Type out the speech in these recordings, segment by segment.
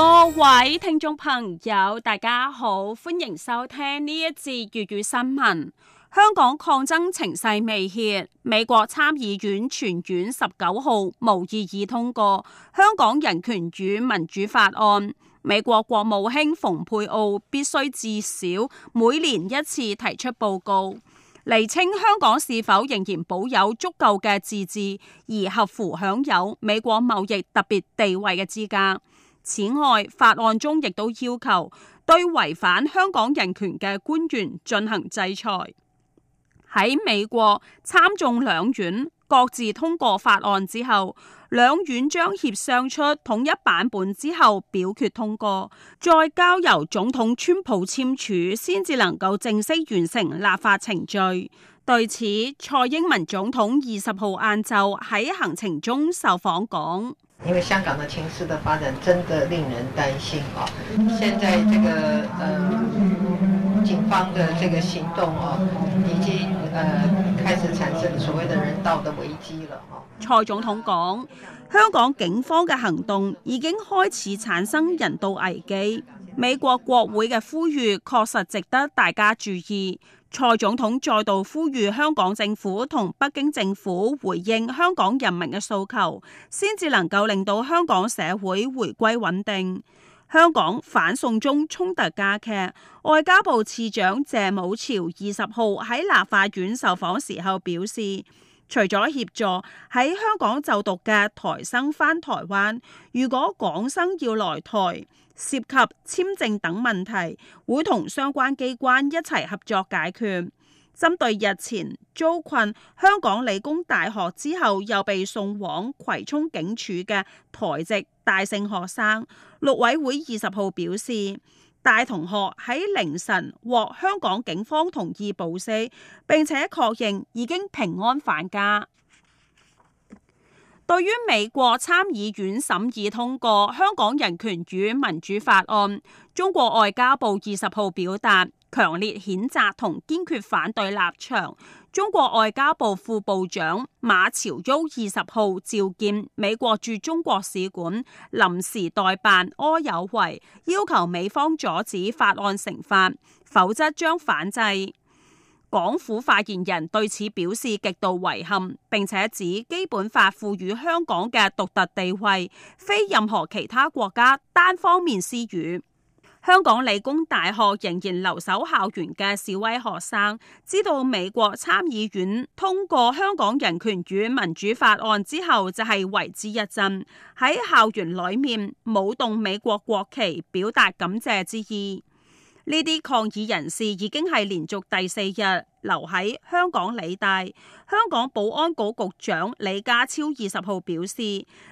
各位聽眾朋友，大家好，歡迎收聽呢一節粵語新聞。香港抗爭情勢未歇，美國參議院全院十九號無異議通過香港人權與民主法案。美國國務卿蓬佩奧必須至少每年一次提出報告，厘清香港是否仍然保有足夠嘅自治，而合乎享有美國貿易特別地位嘅資格。此外，法案中亦都要求對違反香港人權嘅官員進行制裁。喺美國參眾兩院各自通過法案之後，兩院將協商出統一版本之後表決通過，再交由總統川普簽署，先至能夠正式完成立法程序。對此，蔡英文總統二十號晏晝喺行程中受訪講。因為香港的情勢的發展真的令人擔心啊！現在這個，嗯，呃，警方的這個行動啊，已經，呃，開始產生所謂的人道的危機了。蔡總統講，香港警方嘅行動已經開始產生人道危機，美國國會嘅呼籲確實值得大家注意。蔡總統再度呼籲香港政府同北京政府回應香港人民嘅訴求，先至能夠令到香港社會回歸穩定。香港反送中衝突加劇，外交部次長謝武朝二十號喺立法院受訪時候表示。除咗協助喺香港就讀嘅台生返台灣，如果港生要來台涉及簽證等問題，會同相關機關一齊合作解決。針對日前遭困香港理工大學之後又被送往葵涌警署嘅台籍戴姓學生，陸委會二十號表示。大同學喺凌晨獲香港警方同意保釋，並且確認已經平安返家。對於美國參議院審議通過《香港人權與民主法案》，中國外交部二十號表達，強烈譴責同堅決反對立場，中國外交部副部長馬朝旭二十號召見美國駐中國使館臨時代辦柯有為，要求美方阻止法案成法，否則將反制。港府發言人對此表示極度遺憾，並且指《基本法》賦予香港嘅獨特地位，非任何其他國家單方面施予。香港理工大學仍然留守校園嘅示威學生，知道美國參議院通過香港人權與民主法案之後，就係為之一振，喺校園裏面舞動美國國旗，表達感謝之意。呢啲抗議人士已經係連續第四日。留喺香港理大，香港保安局局長李家超二十號表示，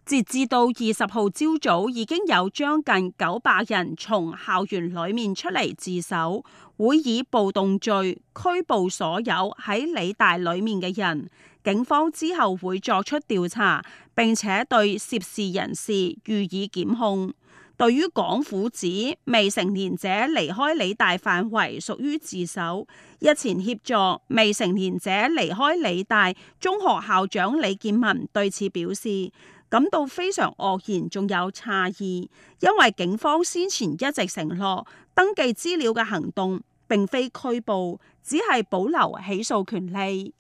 截至到二十號朝早，已經有將近九百人從校園裏面出嚟自首，會以暴動罪拘捕所有喺理大裏面嘅人。警方之後會作出調查，並且對涉事人士予以檢控。對於港府指未成年者離開理大範圍屬於自首，日前協助未成年者離開理大，中學校長李建文對此表示感到非常愕然，仲有詫異，因為警方先前一直承諾登記資料嘅行動並非拘捕，只係保留起訴權利。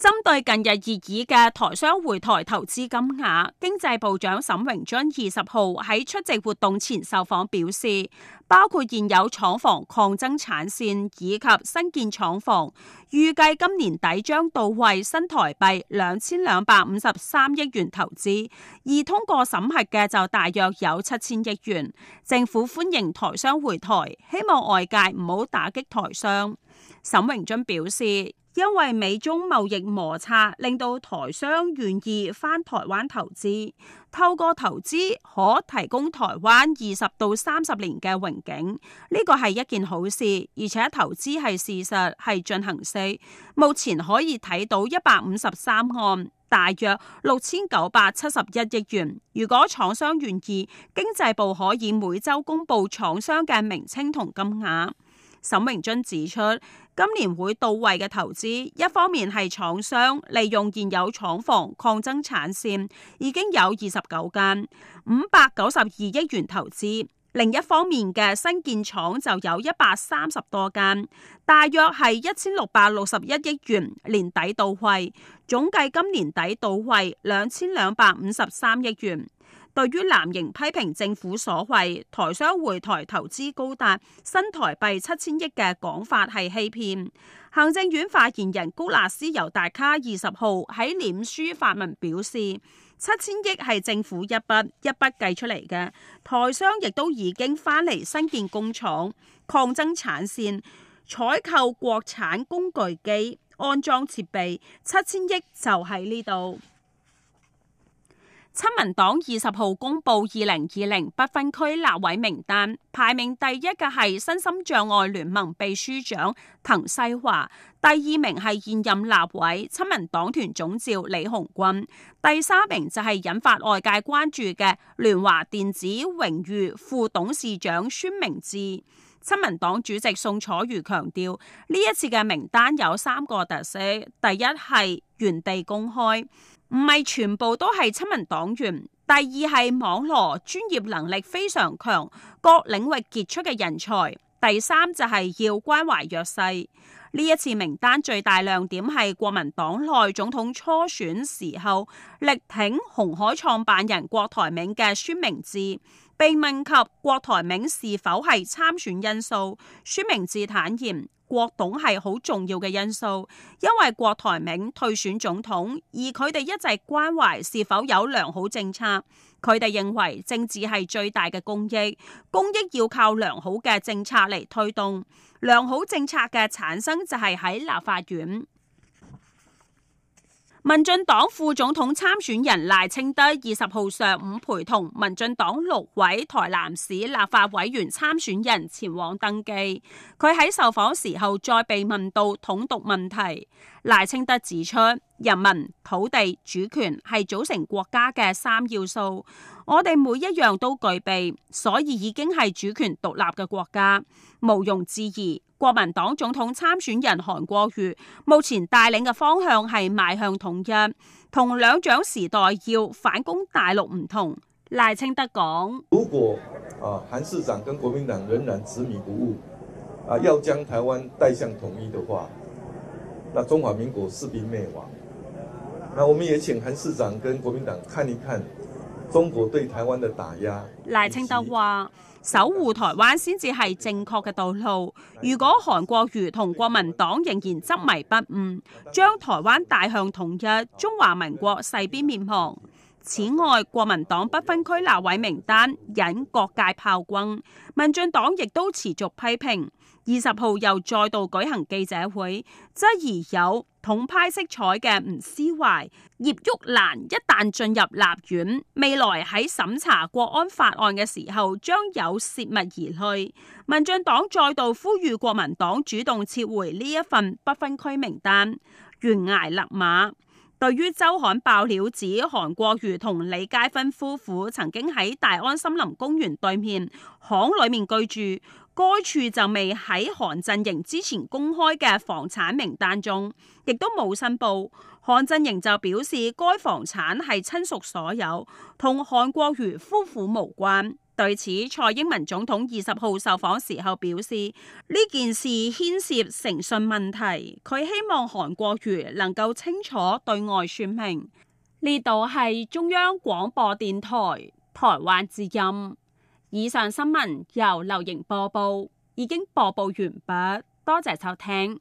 針對近日熱議嘅台商回台投資金額，經濟部長沈榮津二十號喺出席活動前受訪表示，包括現有廠房擴增產線以及新建廠房，預計今年底將到位新台幣兩千兩百五十三億元投資，而通過審核嘅就大約有七千億元。政府歡迎台商回台，希望外界唔好打擊台商。沈榮津表示，因為美中貿易摩擦，令到台商願意翻台灣投資，透過投資可提供台灣二十到三十年嘅榮景，呢個係一件好事，而且投資係事實係進行式。目前可以睇到一百五十三案，大約六千九百七十一億元。如果廠商願意，經濟部可以每周公布廠商嘅名稱同金額。沈榮津指出，今年會到位嘅投資，一方面係廠商利用現有廠房擴增產線，已經有二十九間，五百九十二億元投資；另一方面嘅新建廠就有一百三十多間，大約係一千六百六十一億元年底到位，總計今年底到位兩千兩百五十三億元。對於藍營批評政府所謂台商回台投資高達新台幣七千億嘅講法係欺騙，行政院發言人谷辣斯尤達卡二十號喺臉書發文表示，七千億係政府一筆一筆計出嚟嘅，台商亦都已經翻嚟新建工廠，擴增產線，採購國產工具機、安裝設備，七千億就喺呢度。親民黨二十號公布二零二零不分區立委名單，排名第一嘅係身心障礙聯盟秘書長滕西華，第二名係現任立委親民黨團總召李鴻鈞，第三名就係引發外界關注嘅聯華電子榮譽副董事長宣明智。親民黨主席宋楚瑜強調，呢一次嘅名單有三個特色：第一係原地公開，唔係全部都係親民黨員；第二係網羅專業能力非常強、各領域傑出嘅人才；第三就係要關懷弱勢。呢一次名單最大亮點係國民黨內總統初選時候力挺鴻海創辦人郭台銘嘅宣明智。被問及郭台銘是否係參選因素，宣明智坦言郭董係好重要嘅因素，因為郭台銘退選總統，而佢哋一直關懷是否有良好政策。佢哋認為政治係最大嘅公益，公益要靠良好嘅政策嚟推動，良好政策嘅產生就係喺立法院。民進黨副總統參選人賴清德二十號上午陪同民進黨六位台南市立法委員參選人前往登記，佢喺受訪時候再被問到統獨問題。賴清德指出，人民、土地、主權係組成國家嘅三要素，我哋每一樣都具備，所以已經係主權獨立嘅國家，毋庸置疑。國民黨總統參選人韓國瑜目前帶領嘅方向係邁向統一，同兩蔣時代要反攻大陸唔同。賴清德講：如果啊，韓市長跟國民黨仍然執迷不悟，啊，要將台灣帶向統一的話。那中華民國勢必滅亡。那我們也請韓市長跟國民黨看一看中國對台灣的打壓。賴清德話：守護台灣先至係正確嘅道路。如果韓國瑜同國民黨仍然執迷不悟，將台灣帶向統一，中華民國勢必滅亡。此外，國民黨不分區立位名單引各界炮轟，民進黨亦都持續批評。二十號又再度舉行記者會，質疑有統派色彩嘅吳思懷、葉旭蘭一旦進入立院，未來喺審查國安法案嘅時候將有洩密而去。民進黨再度呼籲國民黨主動撤回呢一份不分區名單，懸崖勒馬。對於周刊爆料指韓國瑜同李佳芬夫婦曾經喺大安森林公園對面巷裡面居住。該處就未喺韓陣營之前公開嘅房產名單中，亦都冇申報。韓陣營就表示，該房產係親屬所有，同韓國瑜夫婦無關。對此，蔡英文總統二十號受訪時候表示，呢件事牽涉誠信問題，佢希望韓國瑜能夠清楚對外說明。呢度係中央廣播電台台灣之音。以上新聞由劉瑩播報，已經播報完畢，多謝收聽。